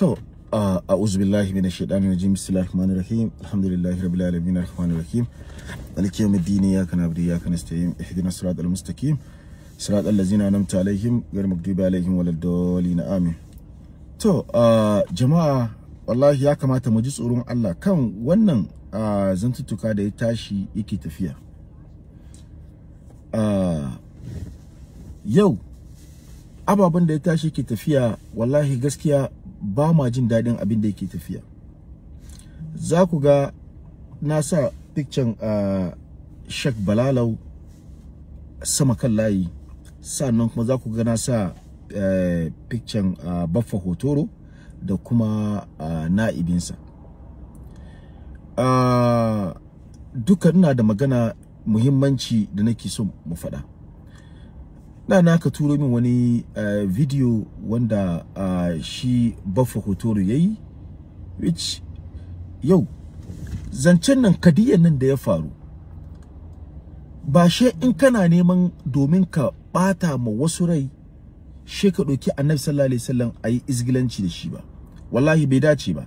to a uzubillahi min na rajim bismillahir rahmanir rahim alhamdulillahi rabbil alamin arrahmanir rahim kana yawmiddin iyyaka na'budu wa iyyaka nasta'in ihdinas siratal mustaqim al-lazina ladzina an'amta alaihim gari maghdubi alaihim na amin to jama'a wallahi ya kamata mu ji tsoron Allah kan wannan zantuttuka da ya tashi yake tafiya yau ababen da ya tashi yake tafiya wallahi gaskiya ba ma jin daɗin abin da yake tafiya za ku ga na sa picture a ah, shek balalau sama kan layi sannan kuma za ku ga na sa eh, picture a ah, baffa hotoro da kuma ah, na'ibinsa dukkan ina da magana muhimmanci da nake so mu faɗa dana ka turo min wani eh, video wanda ah, shi baffa hotoro ya which yau zancen nan kadiyan nan da ya faru ba she in kana neman domin ka bata ma wasu rai she ka ɗauki annabi sallallahu alaihi wasallam a izgilanci da shi ba wallahi bai dace ba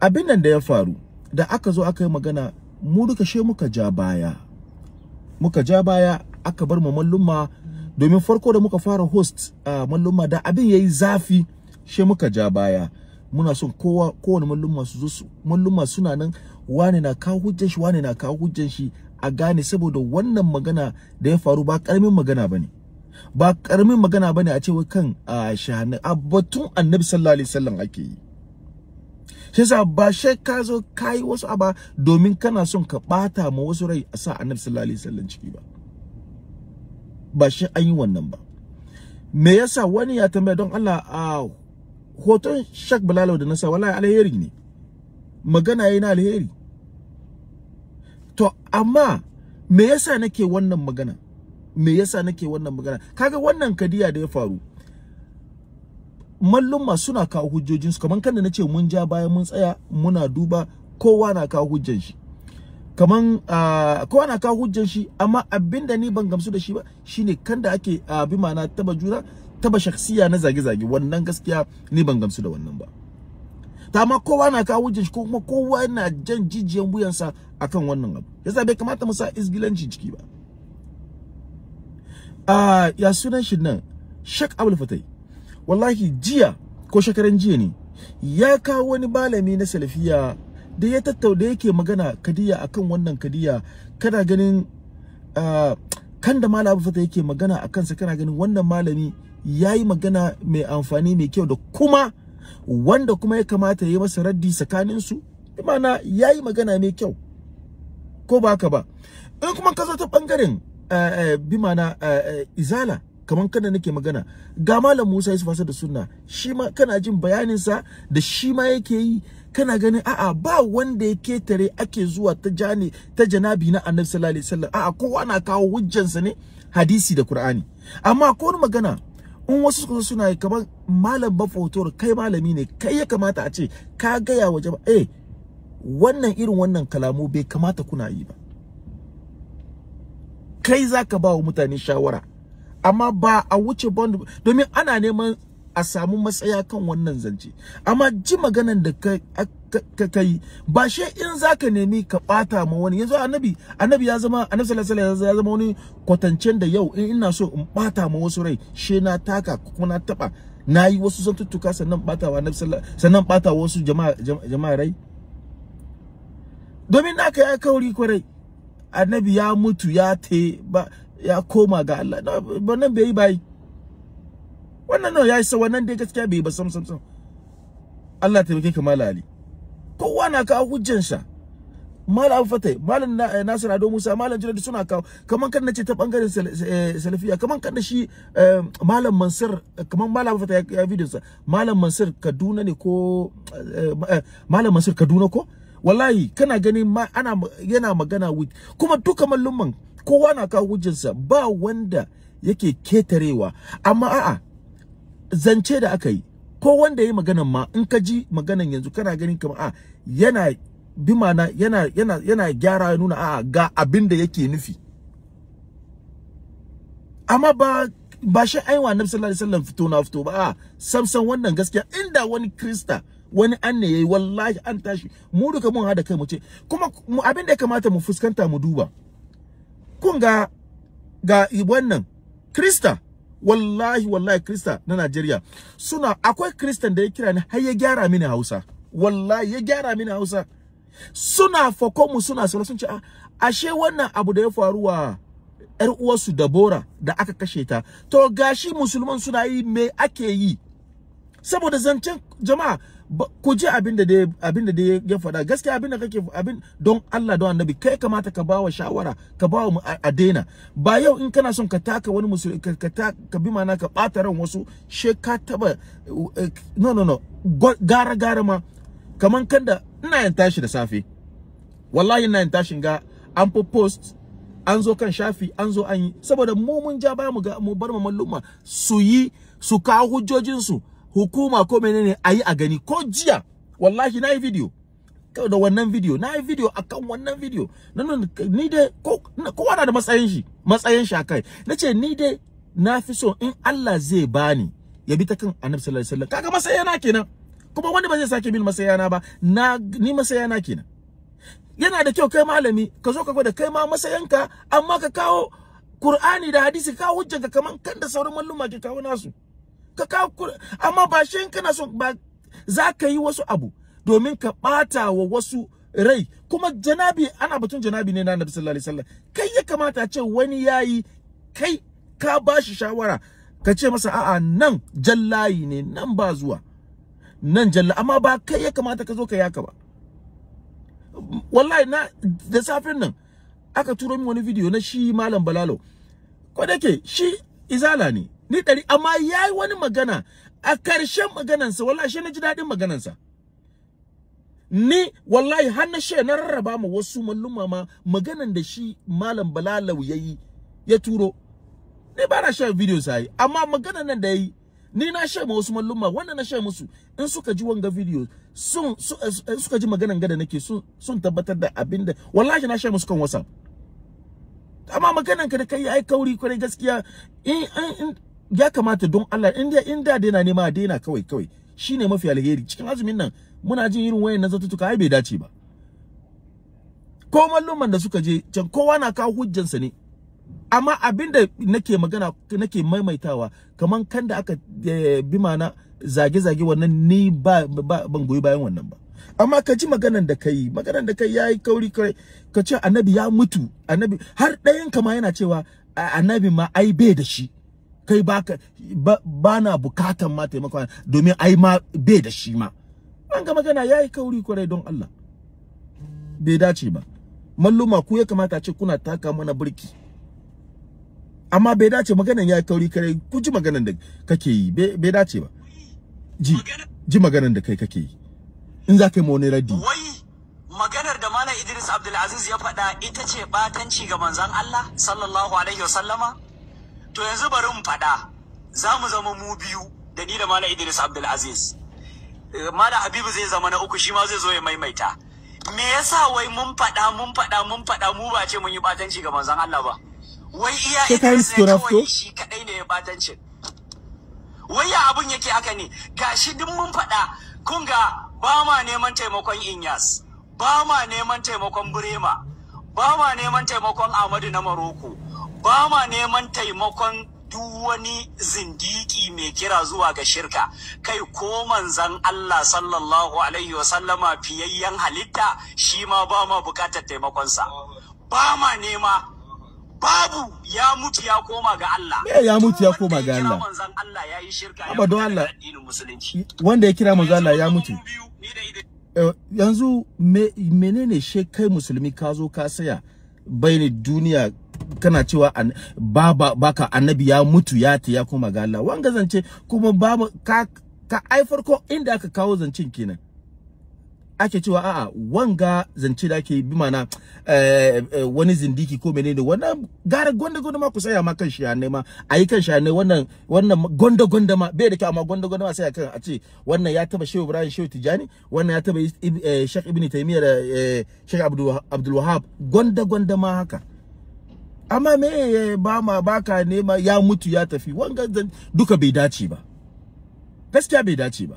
abin nan da ya faru da aka zo aka yi magana mu duka she muka ja baya muka ja baya aka bar mu mallumma domin farko da muka fara host mallumma da abin yayi zafi she muka ja baya muna son kowa kowane mallumma su zo su mallumma suna nan wani na kawo hujjar shi wani na kawo hujjar shi a gane saboda wannan magana da ya faru ba karamin magana bane ba karamin magana bane a ce wai kan shahani a batun annabi sallallahu alaihi wasallam ake yi shi yasa ba she ka zo kai wasu aba domin kana son ka bata ma wasu rai a sa annabi sallallahu alaihi wasallam ciki ba ba shi an yi wannan ba me yasa wani ya tambaya don Allah a hoton Shak Bilal da nasa wallahi alheri ne magana na alheri to amma me yasa nake wannan magana me yasa nake wannan magana kaga wannan kadiya da ya faru malluma suna kawo hujjojinsu kamar kan da nace mun ja baya mun tsaya muna duba kowa na kawo hujjan shi kaman ah, ko ana kawo hujjan shi amma abinda ni ban gamsu da shi ba shine kan da ake ah, bi ma'ana taba juna taba shakhsiya na zage-zage wannan gaskiya ni ban gamsu da wannan ba ta amma kowa na kawo hujjan shi ko kuma kowa na jan jijiyan wuyansa akan wannan abu yasa bai kamata mu sa isgilanci jiki ba a ah, ya sunan shi nan shak Abdul Fatai wallahi jiya ko shekaran jiya ne ya kawo wani malami na salafiya da ya tattauna yake magana kadiya akan wannan kadiya kana ganin kan da malam fata yake magana a kansa. kana ganin wannan malami ya yi magana mai amfani mai kyau da kuma wanda kuma ya kamata ya yi masa raddi tsakanin su ya yi magana mai kyau ko ba ka ba in kuma ka zo ta bangaren bi mana izala kamar kada nake magana ga malam Musa Yusuf da Sunna shi ma kana jin bayanin sa da shi ma yake yi kana ganin a'a ba wanda ya ketare ake zuwa ta jani ta janabi na annabi sallallahu alaihi wasallam a'a kowa na kawo hujjansa ne hadisi da qur'ani amma ko magana in wasu suka suna kamar malam bafotor kai malami ne kai ya kamata a ce ka gaya wa jama'a eh wannan irin wannan kalamu bai kamata kuna yi ba kai zaka ba wa mutane shawara amma ba a wuce bond domin ana neman a samu matsaya kan wannan zance amma ji maganan da ka kai ba she in zaka nemi ka bata ma wani yanzu annabi annabi ya zama annabi sallallahu alaihi wasallam ya zama wani kwatancen da yau in ina so in bata ma wasu rai she na taka kuma na taba nayi wasu zantuttuka sannan bata wa annabi sannan bata wasu jama'a jama'a rai domin naka ya kauri kwarai annabi ya mutu ya te ba ya koma ga Allah nan bai bai wannan nawa ya isa wannan dai gaskiya bai ba sam sam sam Allah ta bake kamala ali kowa na kawo hujjan sa abu fatai malam eh, nasir ado musa jira da suna kawo kaman kan nace ta bangaren eh, salafiya kaman kan da shi eh, malam mansur kaman abu fatai ya video sa malam mansur kaduna ne ko malam mansur kaduna ko wallahi kana gani ma ana yana magana with kuma duka mallumman kowa na kawo hujjarsa ba wanda yake ketarewa amma a'a zance da aka yi ko wanda ya yi maganan ma in ka ji maganan yanzu kana ganin kamar a ah, yana bi mana yana yana yana gyara ya nuna a ga abin da yake nufi amma ba ba shi wa annabi sallallahu alaihi wasallam fito na fito ba a samsan wannan gaskiya inda wani krista wani anne yayi wallahi an tashi mu duka mun hada kai mu ce kuma abin da ya kamata mu fuskanta mu duba kun ga ga wannan krista wallahi wallahi krista na Najeriya suna akwai kristan da ya kira ni har ya gyara mini Hausa wallahi ya gyara mini Hausa suna fako mu suna sura sun ce ah, ashe wannan abu da ya faru wa ‘yar uwarsu Dabora da aka kashe ta, to gashi musulman suna yi me ake yi, saboda zancen jama'a ku ji abin da ya faɗa gaskiya abin da kake abin don Allah don Annabi kai kamata ka bawa shawara ka bawa mu a daina ba yau in kana son ka taka wani musu ka ka, ka bi mana ka bata ran wasu she ka taba eh, no no no gara gara ma kaman kanda ina yin tashi da safe wallahi ina yin tashin ga an post an zo kan shafi an zo an yi saboda mu mun ja baya mu bar mu malluma su yi su kawo hujjojinsu hukuma ko menene a a gani ko jiya wallahi nayi yi video ko da wannan video na video akan wannan video na ni dai kowa na da matsayin shi matsayin shi akai na ni dai na fi so in Allah zai bani ya bi ta kan annabi sallallahu alaihi wasallam kaga masayana kenan kuma wanda ba zai sake bin masayana ba na ni masayana kenan yana da kyau kai malami ka zo ka gwada kai ma masayanka amma ka kawo Qur'ani da hadisi ka hujjanka kaman kan da sauran malluma ke kawo nasu ka ka amma ba shi kana son ba za ka yi wasu abu domin ka ɓata wa wasu rai kuma janabi ana batun janabi ne na annabi sallallahu alaihi wasallam kai ya kamata ce wani yayi kai ka bashi shawara ka ce masa a'a nan jallayi ne nan ba zuwa nan jalla amma ba kai ya kamata ka zo ka yaka ba wallahi na da safin nan aka turo min wani video na shi malam balalo ko dake shi izala ne ni ɗari amma ya yi wani magana a ƙarshen maganansa wallahi shi na ji daɗin maganansa ni wallahi har na she na rarraba ma wasu malluma ma maganan da shi malam balalau ya yi ya turo ni ba na shan video sai amma maganan nan da yayi ni na shan ma wasu malluma wannan na shan musu in suka ji wanga video sun eh, eh, suka ji maganan gada nake sun sun tabbatar da abinda wallahi na shan musu kan whatsapp amma maganan ka da kai ai kauri kwarai gaskiya in ya kamata don Allah in dai in da daina nema a daina kawai kawai shine mafi alheri cikin azumin nan muna jin irin nan zatutuka ai bai dace ba ko malluman da suka je can kowa na kawo hujjansa ne amma abinda nake magana nake maimaitawa kaman kan da aka eh, bi mana zage-zage wannan ni ba, ban goyi bayan wannan ba amma ka ji maganan da kai maganan da kai yayi kauri kai ka ce annabi ya mutu annabi har ɗayan kama yana cewa annabi ma ai bai da shi kai baka ba na bukatan ma taimako domin ai ma bai da shi ma an ga magana yayi kauri kwarai don Allah bai dace ba malluma ku ya kamata ce kuna taka mana burki amma bai dace maganan yayi kauri kwarai ku ji maganan da kake yi bai dace ba ji ji maganan da kai kake yi in za ka yi wani raddi maganar da Malam Idris Abdulaziz ya faɗa ita ce batanci ga manzon Allah sallallahu alaihi wasallama to yanzu bari mu faɗa za mu zama mu biyu da ni da Malam idris abdulaziz eh, Malam habibu zai zama na uku shi ma zai zo ya maimaita me yasa wai mun faɗa mun faɗa mun faɗa mu ba ce mun yi batanci ga manzon Allah ba wai iya idris ne shi kadai ne ya batanci wai ya abun yake haka ne gashi duk mun faɗa kun ga ba ma neman taimakon inyas ba ma neman taimakon burema ba ma neman taimakon amadu na maroko ba ma neman taimakon duk wani zindiki mai kira zuwa ga shirka kai ko manzan Allah sallallahu alaihi wasallama fiyayyen halitta shi ma ba ma bukatar taimakonsa ba ma nema babu ya mutu ya koma ga Allah me eh, ya mutu ya koma ga Allah manzan Allah ya yi shirka ya don Allah wanda ya kira manzan Allah ya mutu eh, yanzu menene shekai musulmi ka zo ka saya ne duniya kana cewa baba baka annabi ya mutu ya ta ya koma ga Allah wanga zance kuma babu ka ka ai farko inda aka kawo zancen kenan ake cewa a'a wanga zance da ake bi mana eh, eh, wani zindiki ko menene wannan gara gonda gonda ma ku saya ma kan shi ne ma ayi kan shi ne wannan wannan gonda gonda ma bai da kyau amma gonda gonda ma sai kan a ce wannan ya taba Shehu Ibrahim Shehu Tijani wannan ya taba eh, Sheikh Ibn Taymiyyah da Sheikh Abdul Wahab gonda gonda ma haka amma me ba ma baka nema ya mutu ya tafi wanga duka bai dace ba gaskiya bai dace ba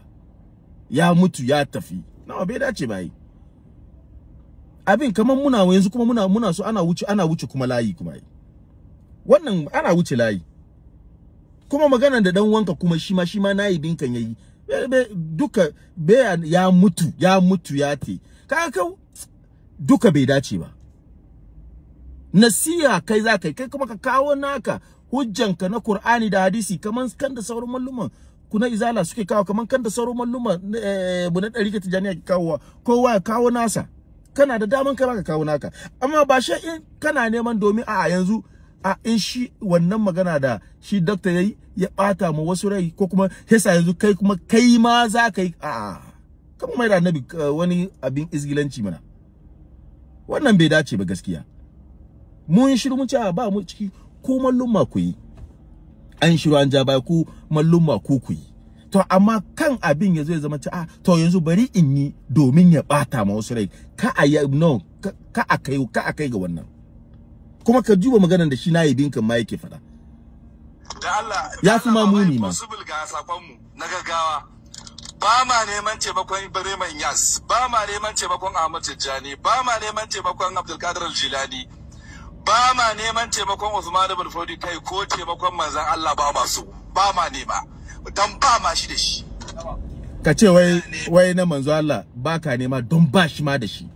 ya mutu ya tafi nawa bai dace ba yi abin kamar muna yanzu kuma muna muna so ana wuce ana wuce kuma layi kuma yi wannan ana wuce layi kuma magana da dan wanka kuma shi ma shi ma nayi binkan yayi duka bai ya mutu ya mutu ya te kaga duka bai dace ba nasiha kai za ka yi kai kuma ka kawo naka hujjanka na Qur'ani da hadisi kaman kan da sauran malluman kuna izala suke kawo kaman kan da sauran malluman bu eh, na ɗari ka tijaniya ke kawo kowa ya kawo nasa kana da daman kai ka kawo naka amma ba shi in kana neman domin a yanzu a in shi wannan magana da shi doctor yayi ya bata mu wasu rai ko kuma yasa yanzu kai kuma kai ma za ka yi a kan mai da nabi eh, wani abin izgilanci mana wannan bai dace ba gaskiya mun shiru mun ce a ba mu ciki ko ma ku yi an shiru an ja baya ku ma ku ku yi to amma kan abin ya ya zama ce a to yanzu bari in yi domin ya bata ma wasu rai ka a ya no ka a kai ka a kai ga wannan kuma ka duba maganar da shi na yi binkan ma yake faɗa ya fi muni ma ga sakonmu na gaggawa ba ma neman taimakon Ibrahim Yas, ba ma neman taimakon Ahmad Tijjani, ba ma neman taimakon Abdulkadir Jilani, ba ma neman taimakon Usman ibn Fodi kai ko taimakon manzon Allah ba masu ba ma nema dan ba ma shi da shi ka ce wai wai na manzo Allah ba ka nema don ba shi ma da shi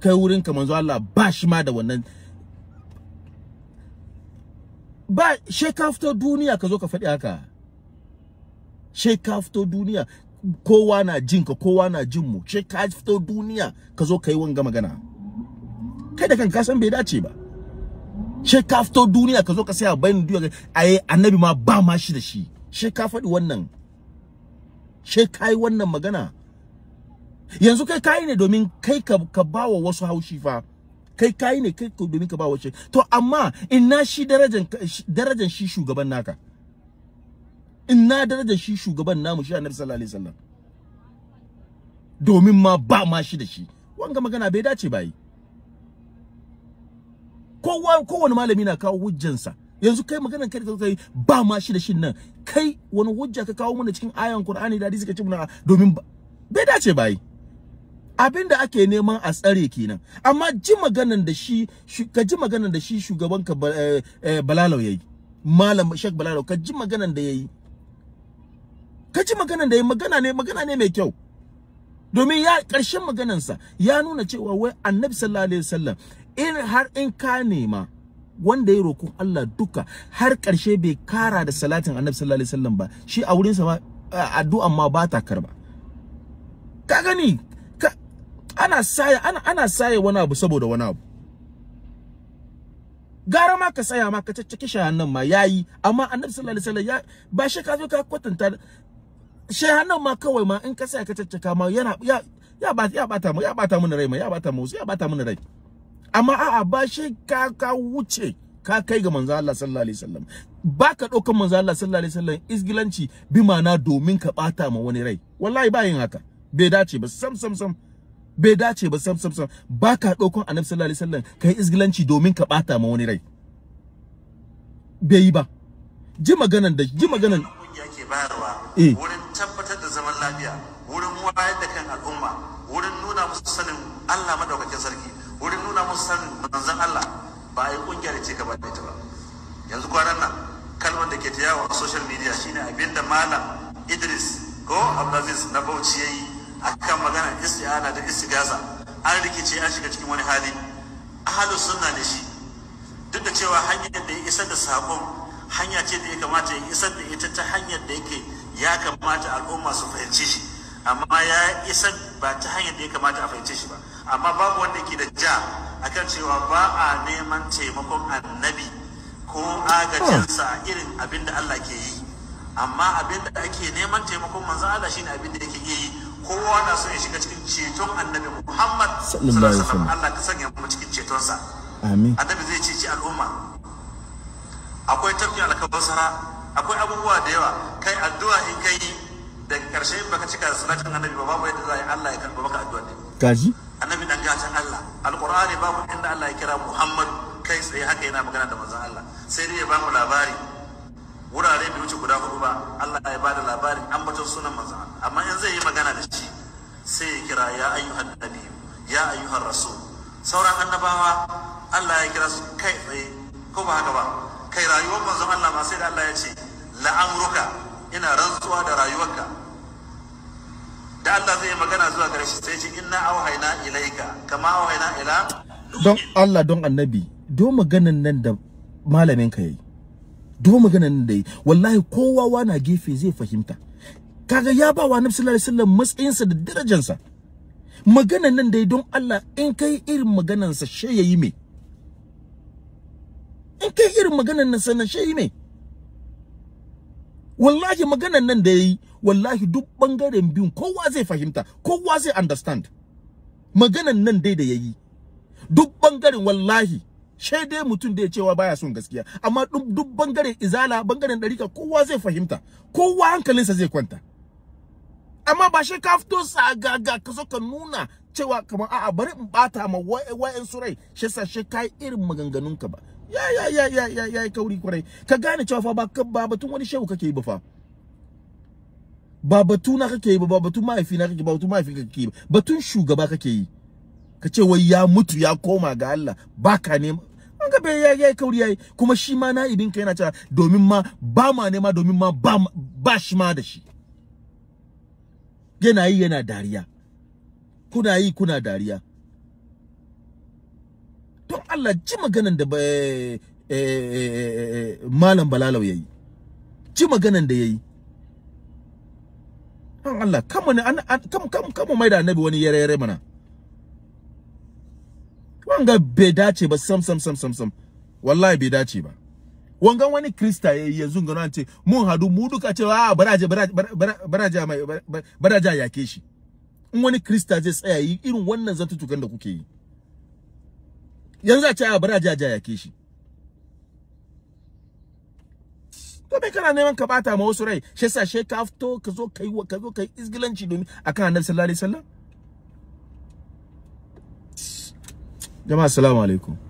kai wurin ka manzo Allah ba shi ma da wannan ba she ka fito duniya ka zo ka faɗi haka she ka fito duniya kowa na jin ka kowa na jin mu she ka fito duniya ka zo ka yi wanga magana kai da kanka san bai dace ba she ka duniya ka zo ka saya bayan duniya ai annabi ma ba ma shi da shi she ka wannan sheka kai wannan magana yanzu kai kai ne domin kai ka, ka bawa wasu haushi fa kai kai ne kai domin ka bawa wasu to amma ina shi darajan darajan shi shugaban naka ina darajan shi shugaban namu shi annabi sallallahu alaihi wasallam domin ma ba ma shi da shi wanga magana bai dace ba yi kowa kowane malami na kawo hujjansa yanzu kai maganar kai ta kai ba ma shi da shin nan kai wani hujja ka kawo mana cikin ayan Qur'ani da hadisi ka ce muna domin bai dace bai abin da ake neman a tsare kenan amma ji maganar da shi ka ji maganar da shi shugaban ka eh, eh, Balalau yayi malam shek Balalau ka ji maganar da yayi ka ji maganar da yayi magana ne magana ne mai kyau domin ya ƙarshen maganansa ya nuna cewa wai annabi sallallahu alaihi wasallam in har in ka nema wanda ya roƙon Allah duka har ƙarshe bai kara da salatin annabi sallallahu alaihi wasallam ba shi a sa ma addu'an ma ba ta karba ka gani ka ana saye ana ana saye wani abu saboda wani abu gara ma ka saya ma ka caccake shahannan ma yayi amma annabi sallallahu alaihi wasallam ya ba shi ka zo ka kwatanta nan ma kawai ma in ka saya ka caccaka ma yana ya ya ba ya bata mu ya bata mu rai ma ya bata mu ya bata mu rai amma a'a ba shi ka ka wuce ka kai ga manzo Allah sallallahu alaihi wasallam ba ka daukan manzo Allah sallallahu alaihi wasallam isgilanci bi ma'ana domin ka bata ma wani rai wallahi ba yin haka bai dace ba sam sam sam bai dace ba sam sam sam ba ka daukan annabi sallallahu alaihi wasallam kai isgilanci domin ka bata ma wani rai bai yi ba ji maganan da ji maganan yake bayarwa eh. wurin tabbatar da zaman lafiya wurin wayar da kan al'umma wurin nuna musu sanin Allah madaukakin sarki wurin nuna musu san manzon Allah ba a yi kungiyar ce gaba da ita ba yanzu kwanan nan kalmar da ke ta yawo a social media shine abin da malam Idris ko Abdulaziz na Bauchi ya yi a kan maganar isti'ana da istigasa an rikice an shiga cikin wani hali ahalu sunna da shi duk da cewa hanyar da ya isar da sakon hanya ce da ya kamata ya isar da ita ta hanyar da yake ya kamata al'umma su fahimce shi amma ya isar ba ta hanyar da ya kamata a fahimce shi ba amma babu wanda ke da ja akan cewa ba a neman taimakon annabi ko agajinsa a irin abin da Allah ke yi amma abin da ake neman taimakon manzo Allah shine abin da yake ke yi kowa na so ya shiga cikin ceton annabi Muhammad sallallahu alaihi wasallam Allah ka sanya mu cikin cetonsa amin annabi zai ceci al'umma akwai tafki alkabasara akwai abubuwa da yawa kai addu'a in kai daga karshe baka cika salatin annabi ba babu yadda za a yi Allah ya karɓa maka addu'a din kaji annabi dan gashin Allah alqur'ani babu inda Allah ya kira Muhammadu kai tsaye haka yana magana da manzon Allah sai dai ya bamu mu labari wurare bai wuce guda hudu ba Allah ya bada labarin ambaton sunan manzon Allah amma in zai yi magana da shi sai ya kira ya ayyuhan nabi ya ayyuhan rasul sauran annabawa Allah ya kira su kai tsaye ko ba haka ba kai rayuwar manzon Allah ba sai da Allah ya ce la'amruka ina rantsuwa da rayuwarka da Allah zai magana zuwa gare shi sai ce inna auhayna ilaika kama auhayna ila don Allah don annabi do maganan nan da malamin ka yayi do maganan nan da yi wallahi kowa wana gefe zai fahimta kaga ya ba wa nabi sallallahu alaihi wasallam matsayinsa da sa maganan nan da yi don Allah in kai irin maganan sa shi yayi me in kai irin maganan nan sa na shi yayi me wallahi maganan nan da yayi wallahi duk bangaren biyun kowa zai fahimta kowa zai understand maganan nan dai da yayi duk bangaren wallahi shai dai mutum da ya cewa baya son gaskiya amma duk bangaren izala bangaren ka kowa zai fahimta kowa hankalinsa zai kwanta amma ba shi ka fito sagaga ka so ka nuna cewa kamar a'a bari in bata ma wa'en surai shi sa shi kai irin maganganunka ba ya ya ya ya ya ya kauri kwarai ka gane cewa fa ba batun wani shehu kake yi ba fa ba batu na kake yi ba batun mahaifi na kake ba batun mahaifi kake yi batun shugaba kake yi ka ce wai ya mutu ya koma ga Allah ka nema an ga bai yayi kauri yayi kuma shi ma na ibin kai yana cewa domin ma ba ma nema domin ma ba ba shi ma da shi yana yi yana dariya kuna yi kuna dariya Allah ji maganan da eh, eh, eh, malam balalau yayi ji maganan da yayi an Allah kama ne kam kam mai da annabi wani yare yare mana wanga bai dace ba sam sam sam sam sam wallahi bai dace ba wanga wani krista ya yanzu gano ce mun hadu mu duka cewa ah, a baraje baraje mai baraje yake shi in wani krista zai tsaya yi irin wannan zantutukan da kuke yi yanzu a ce a bari a jaja yake shi to me kana neman ka bata ma wasu rai shi yasa shi ka fito ka zo kai ka zo kai izgilanci domin akan annabi sallallahu alaihi wasallam jama'a assalamu alaikum